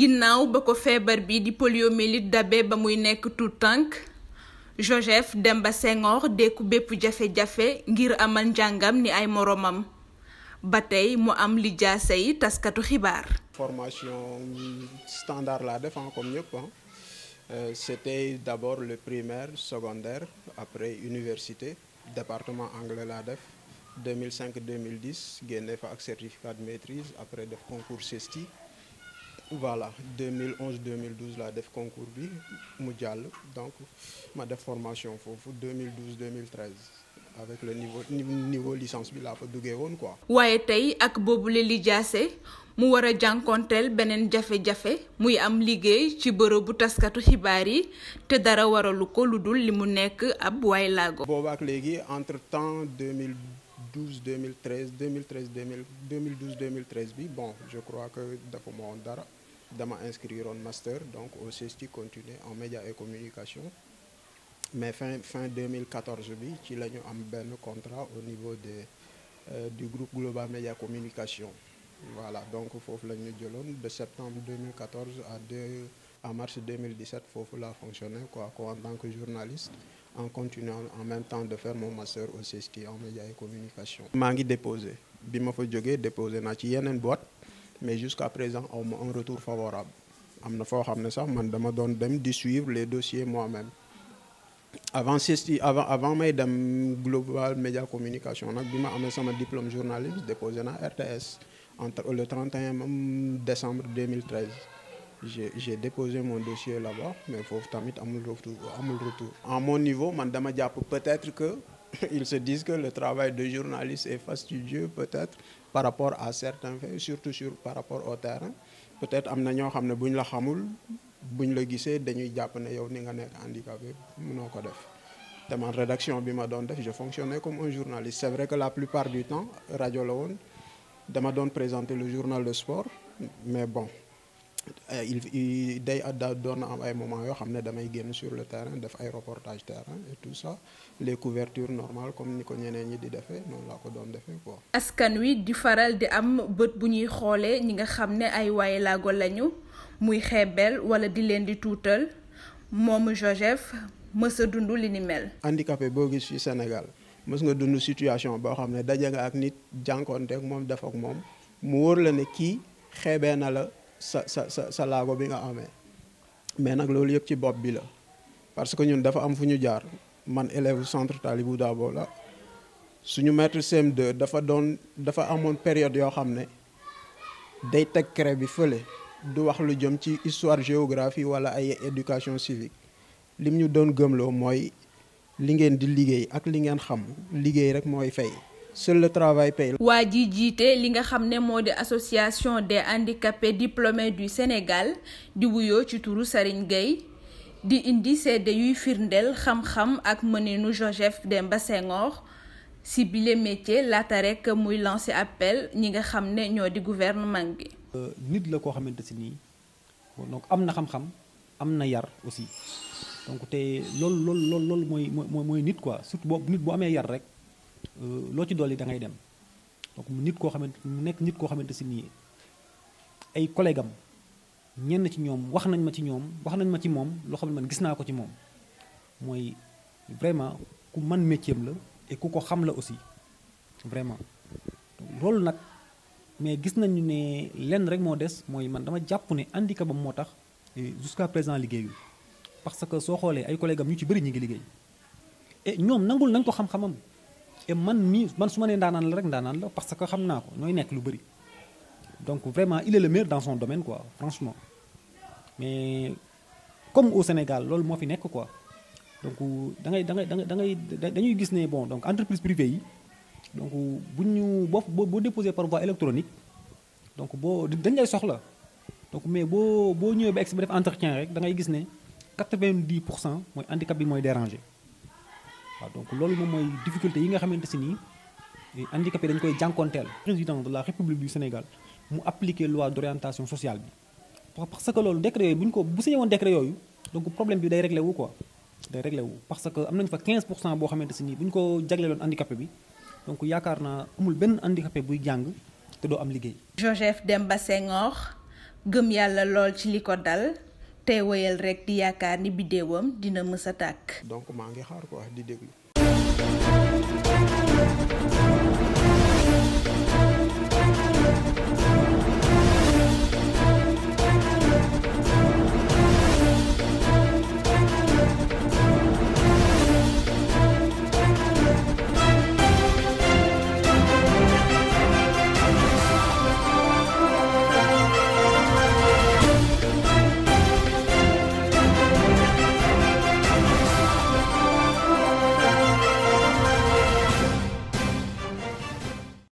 ginnaaw ba ko feebar bi di poliomyélite dabe ba muy nekk tout tànk Joseph Demba Senghor dékku bépp jafe-jafe ngir amal njàngam ni ay moroomam ba tey mu am li jaase yi taskatu xibaar. formation standard la def comme ñëpp euh, c'était d'abord le primaire secondaire après université département anglais la def 2005 2010 génne fa ak certificat de maîtrise après def concours CESTI. voilà 2011 2012 laa def concours bi mu jàll donc ma def formation foofu 2012 2013 avec le niveau niveau licence bi laa fa duggee woon ko waaye tey ak boobu boobule lijaase mu war a jànkonteel beneen jafe-jafe muy am liggéey ci bërëbu taskatu xibaar yi te dara waralu ko lu dul li mu nekk ab waay laago. boobaak léegi entre temps 2000. 12 2013 2013 2000 2012 2013 bi bon je crois que dafa ma dara dama inscrire en master donc au CESTI continuer en médias et communication mais fin fin 2014 bi ci la ñu am benn contrat au niveau de euh, du groupe Global Média Communication voilà donc foofu la ñu jëloon de septembre 2014 à deux à mars 2017 foofu la fonctionné quoi quoi en tant que journaliste en continuant en même temps de faire mon master au CESTI en médias et communication. maa ngi déposé bi ma fa jógee déposé naa ci yeneen boîte. mais jusqu'à présent aw ma un retour favorable am na foo xam ne sax man dama doon dem di suivre les dossiers moi-même avant sesti avant avant may dem global média communication nag bi ma amee sama diplôme journaliste déposé na RTS entre le 31 décembre 2013 j'ai j'ai déposé mon dossier là-bas mais foofu tamit amul retour amul retour à mon niveau man dama jàpp peut-être que ils se disent que le travail de journaliste est fastidieux peut-être par rapport à certains faits surtout sur par rapport au terrain peut-être am na ñoo xam ne bu ñu la xamul buñ la gisee dañuy jàpp ne yow ni nga nekk handicapé noo ko def te man rédaction bi ma doon def je fonctionnais comme un journaliste c'est vrai que la plupart du temps rajo la woon dama doon présenter le journal de sport mais bon Euh, day euh, da doon am ay moment yoo xam ne damay génn sur le terrain def ay reportage terrain et tout ça les couvertures normales comme ni ko ñeneen ñi di defee noonu laa ko doon defee quoi. askan wi di faral di am bët bu ñuy xoolee ñi nga xam ne ay waaye laago lañu muy xeebeel wala di leen di tuutal moomu Joseph mësa a dund li ni mel. boo gis fi Sénégal mës nga dund situation boo xam ne daje nga ak nit jànkoonteek moom def moom mu wóor la ne kii xeebee na la. sa sa sa sa laago bi nga amee mais nag loolu yëpp ci bopp bi la parce que ñun dafa am fu ñu jaar man élève centre Talibou daabo la suñu maître CM2 dafa doon dafa amoon période yoo xam ne day teg craie bi fële du wax lu jëm ci histoire géographie wala ay éducation civique lim ñu doon gëmloo mooy li ngeen di liggéey ak li ngeen xam liggéey rek mooy fay seul le travail waa ji jiite li nga xam ne moo di association des handicapés diplômés du Sénégal di wuyoo ci turu Serigne Gueye di indi seede yuy firndeel xam-xam ak mëninu Joseph Demba Senghor si bile métier laata rekk muy lancer appel ñi nga xam ne ñoo di gouvernement bi. nit la koo xamante si nii donc am na xam-xam am na yar aussi donc te loolu loolu loolu loolu mooy mooy mooy nit quoi surtout boobu nit boo amee yar rek. Euh, loo ci dolli da ngay dem donc mu nit koo xamante mu nekk nit koo xamante si nii ay collègue am ñenn ci ñoom wax nañ ma ci ñoom wax nañ ma ci moom loo xam ne man gis naa ko ci moom mooy vraiment ku man métier la ku ko xam la aussi vraiment loolu nag mais gis nañu ne lenn rek moo des mooy man dama jàpp ne handicapam moo tax jusqu'à présent liggéeyu parce que soo xoolee ay collègue ñu ci bari ñu ngi liggéey et ñoom nangul nañ ko xam-xamam et man mii man su ma nee ndaanaan la rek ndaanaan la parce que xam naa ko ñooy nekk lu bëri donc vraiment il est le meilleur dans son domaine quoi franchement mais comme au Sénégal loolu moo fi nekk quoi donc da ngay da ngay da ngay dañuy gis ne bon donc entreprise privée yi donc bu ñu boo boo déposé par voie électronique donc boo dañ lay soxla donc mais boo boo ñëwee ba ex ba def entretien rek da ngay gis ne 90 pour cent mooy handicap bi mooy dérangé. waaw donc loolu moom mooy difficulté yi nga xamante si nii eh, handicapé dañ koy jànkonteel président de la république du Sénégal mu appliquer loi d'orientation sociale bi parce que loolu décret yooyu bu ñu ko bu sañe woon décret yooyu donc problème bi day réglé wu quoi day réglé parce que am nañ fa 15 pour cent boo xamante si nii bu ñu ko jagleeloon handicapé bi donc yaakaar naa amul benn handicapé buy jàng te doo am liggéey Joseph Demba Senghor gëm yàlla lool ci li tey woyal rekk di yaakaar ni biddéewam dina mësa tàkk. donc maa ngi xaar di déglu.